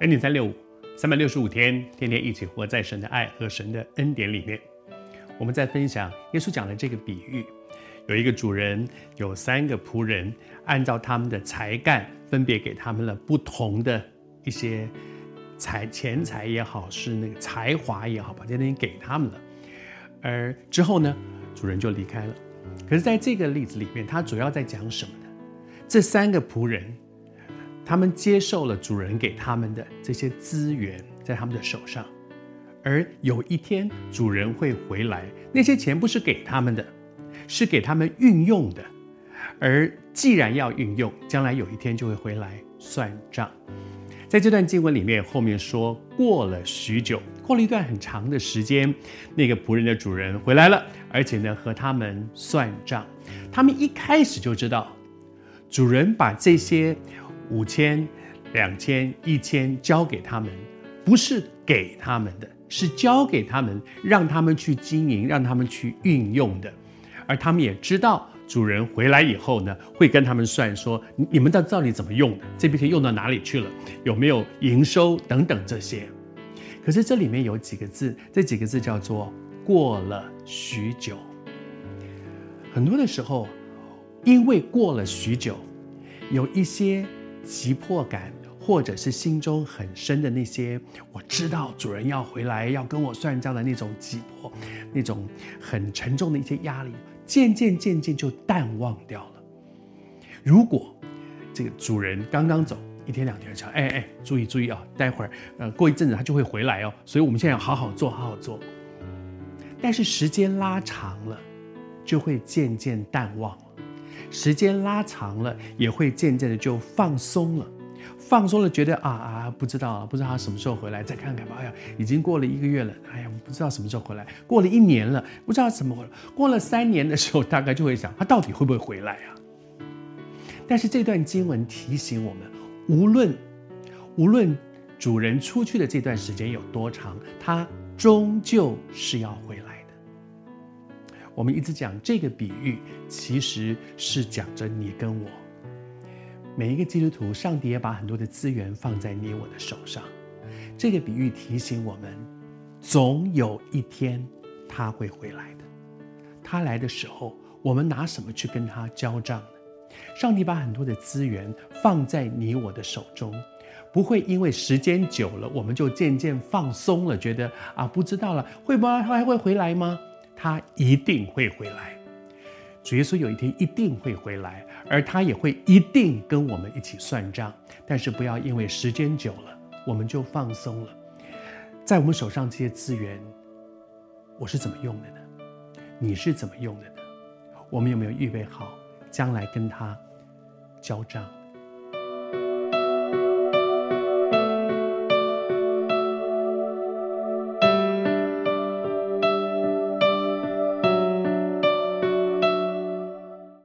恩典365，三百六十五天，天天一起活在神的愛和神的恩典裡面。我們在分享耶穌講的這個比喻，有一個主人，有三個僕人，按照他們的才幹，分別給他們了不同的一些財錢財也好，是那個才華也好，把這些東西給他們了。而之後呢，主人就離開了。可是，在這個例子裡面，他主要在講什麼呢？這三個僕人。他們接受了主人給他們的這些資源，在他們的手上，而有一天主人會回來。那些錢不是給他們的，是給他們運用的。而既然要運用，將來有一天就會回來算賬。在這段經文裡面，後面說過了許久，過了一段很長的時間，那個僕人的主人回來了，而且呢和他們算賬。他們一開始就知道，主人把這些。五千、兩千、一千交給他們，不是給他們的，是交給他們，讓他們去經營，讓他們去運用的。而他們也知道，主人回來以後呢，會跟他們算說：你們到到底怎麼用的？這筆錢用到哪裡去了？有沒有營收等等這些？可是這裡面有幾個字，這幾個字叫做“過了許久”。很多的時候，因為過了許久，有一些。急迫感，或者是心中很深的那些，我知道主人要回來，要跟我算賬的那種急迫，那種很沉重的一些壓力，漸漸漸漸就淡忘掉了。如果這個主人剛剛走一天兩天就，叫哎哎，注意注意啊、哦，待會兒呃過一陣子他就會回來哦，所以我們現在要好好做好好做，但是時間拉長了，就會漸漸淡忘。時間拉長了，也會漸漸的就放鬆了，放鬆了，覺得啊啊，不知道，不知道他什麼時候回來，再看看吧。哎呀，已經過了一個月了，哎呀，我不知道什麼時候回來。過了一年了，不知道怎麼回來。過了三年的時候，大概就會想，他到底會不會回來啊？但是這段經文提醒我們，無論無論主人出去的這段時間有多長，他終究是要回來。我們一直講這個比喻，其實是講着你跟我每一個基督徒，上帝也把很多的資源放在你我的手上。這個比喻提醒我們，總有一天他會回來的。他來的時候，我們拿什麼去跟他交賬呢？上帝把很多的資源放在你我的手中，不會因為時間久了，我們就漸漸放鬆了，覺得啊，不知道了，會不會他還會回來嗎？他一定會回來，主耶穌有一天一定會回來，而他也會一定跟我們一起算賬。但是不要因為時間久了，我們就放鬆了。在我們手上這些資源，我是怎麼用的呢？你是怎麼用的呢？我們有沒有預備好將來跟他交賬？